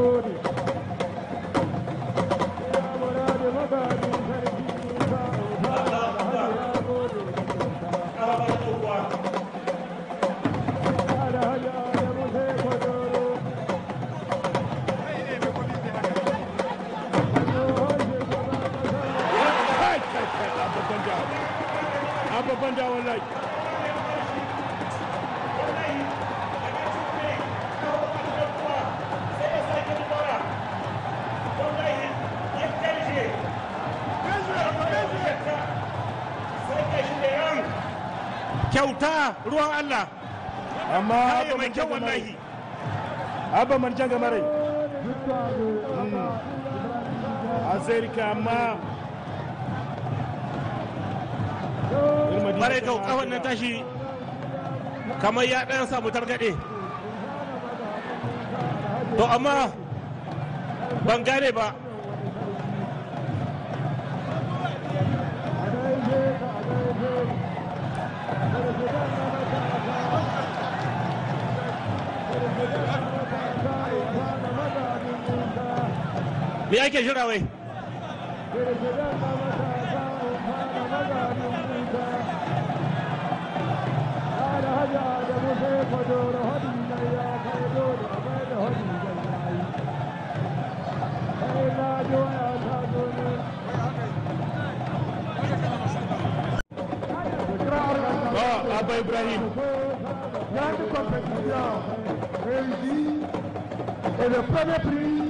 gode Abba Banda wallahi. kyauta ruwan Allah amma abu mai kyau wallahi abu man janga marai hmm. azerika amma marai kau kawon nan tashi kamar ya ɗayan samu targaɗe to amma ban gane ba me ake jira wai oh, Abba Ibrahim. Il y a une compétition réussie et le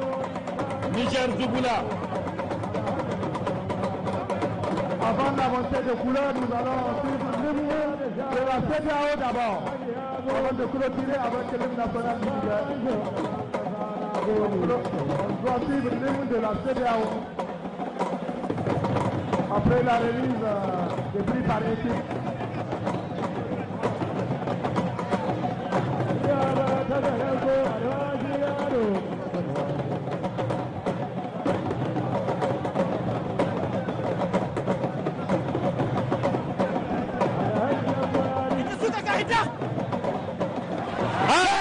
Michel Zouboula. Avant d'avancer de couleur, nous allons suivre le de la CDAO d'abord. Avant de clôturer avec le national du On doit suivre le mouvement de la CDAO. Après la release euh, des prix par équipe.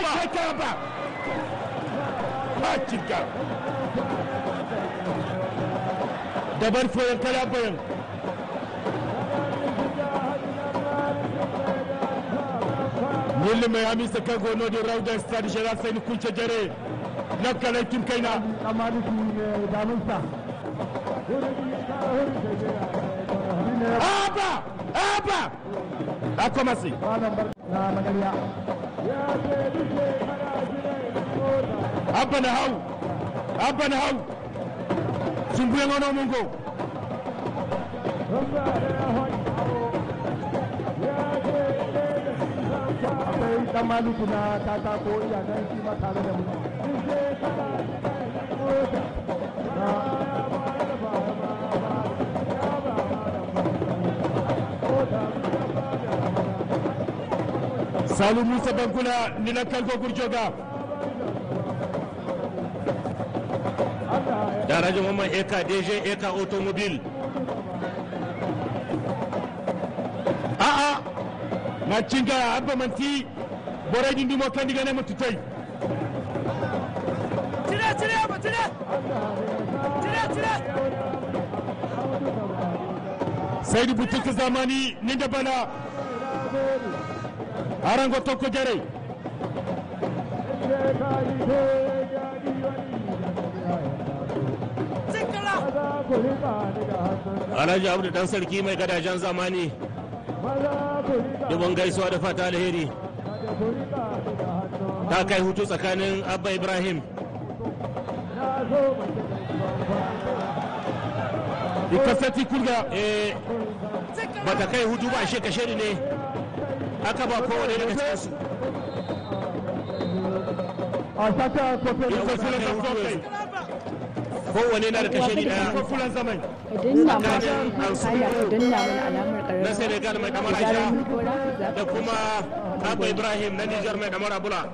Karaba. Hakika. Um da barfoyin kalabayin. Nili mai kan gono da ni kunce jare. Na Aba! Aba! Akwamasi. Ah, abba na hau abba na hau sun buye mungo akwai dan maluku na katako iyakan shi ma tare da mu na salu musa bankuna nina kalfo kurcoga daraja mamman eka dj eka automobile a'a ah, ah. macinga abba manti bore dindi mo kandi gane mutu tai tire tire abba tire tire tire saidu da butuka zamani ninda bala arango tokko jarey alhaji abdu dan sarki mai gadajen zamani dubin gaisuwa da fata alheri ta kai hutu tsakanin abba ibrahim ikasati kulga eh, ba ta kai hutu ba a shekashari ne haka ba kowane daga cikin su a saka kofin kofin kowane na da tashari daya zaman na Senegal mai Aisha da kuma Ibrahim na mai Abula